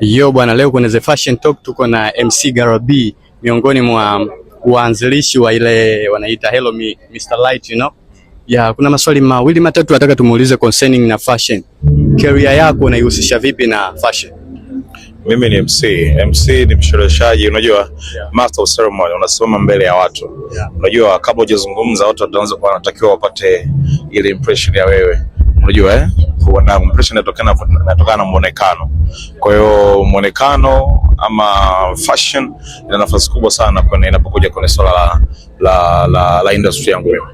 Yo bwana, leo kwenye The Fashion Talk tuko na MC Garabi, miongoni mwa waanzilishi wa ile wanaita Hello Me, Mr Light, you know? Ya, kuna maswali mawili matatu nataka tumuulize concerning na fashion. Career yako unaihusisha vipi na fashion? Mimi ni MC. MC ni mshereheshaji, unajua yeah. Master of ceremony, unasimama mbele ya watu yeah. Unajua kabla hujazungumza watu wataanza kuwa wanatakiwa wapate ile impression ya wewe, unajua eh? Kwa na impression inatokana na muonekano kwa hiyo mwonekano ama fashion ina nafasi kubwa sana kwenye inapokuja kwenye swala la, la, la, la industry yangu mimi.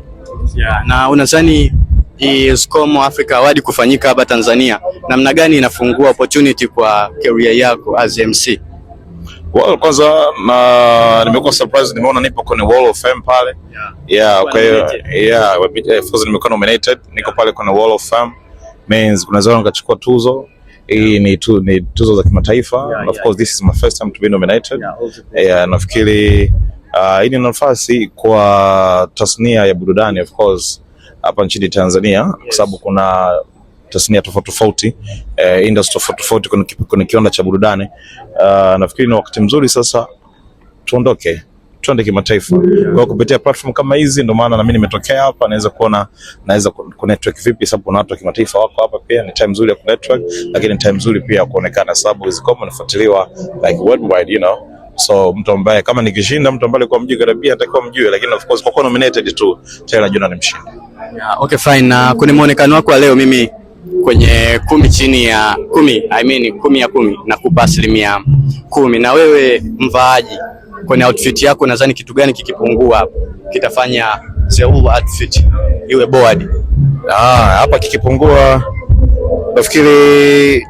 Yeah, na unadhani Escom Africa Award kufanyika hapa Tanzania namna gani inafungua opportunity kwa career yako as MC? Well, kwanza na nimekuwa surprise nimeona nipo kwenye Wall of Fame pale. Yeah, kwa hiyo yeah, of course nimekuwa nominated, niko pale kwenye Wall of Fame means kunaweza nikachukua tuzo hii yeah. ni, tu, ni tuzo za kimataifa yeah, of course yeah. This is my first time to be nominated yeah, yeah, nafikiri uh, hii uh, ni nafasi kwa tasnia ya burudani of course hapa nchini Tanzania yes. Kwa sababu kuna tasnia tofauti tofauti eh, industry tofauti tofauti kwenye kiwanda cha burudani uh, nafikiri ni wakati mzuri sasa tuondoke trend kimataifa. Mm, kwa hiyo kupitia platform kama hizi, ndio maana na mimi nimetokea hapa, naweza kuona naweza ku network vipi, sababu kuna watu wa kimataifa wako hapa pia. Ni time nzuri ya ku network, lakini time nzuri pia ya kuonekana, sababu hizi common nafuatiliwa like worldwide you know so mtu ambaye kama nikishinda mtu ambaye alikuwa mjui karibia atakuwa mjui, lakini of course kwa kuwa nominated tu tayari najua ni mshindi. Yeah, okay fine. Na kwenye muonekano wako wa leo, mimi kwenye kumi chini ya kumi, I mean kumi ya kumi nakupa asilimia kumi. Na wewe mvaaji kwenye outfit yako, nadhani kitu gani kikipungua hapo kitafanya outfit iwe board. Ah, hapa kikipungua nafikiri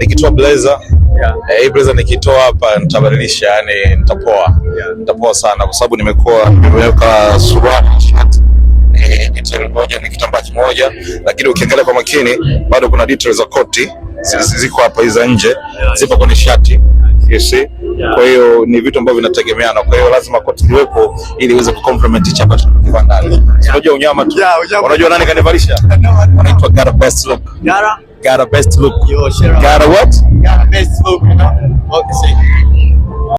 nikitoa blazer yeah. Eh, blazer nikitoa hapa nitabadilisha, yani nitapoa yeah. Nitapoa sana kwa sababu nimekuwa nimeweka suruali eh, moja ni kitambaa kimoja, lakini ukiangalia kwa makini bado kuna details za koti ziko hapa, hizo nje zipo kwenye shati you see kwa hiyo ni vitu ambavyo vinategemeana, kwa hiyo lazima koti liwepo ili iweze kucomplement chapa kwa ndani. Unajua unyama tu, unajua nani kanivalisha, anaitwa Gara Best Look. Gara Gara Best Look. Gara what? Gara Best Look. Okay.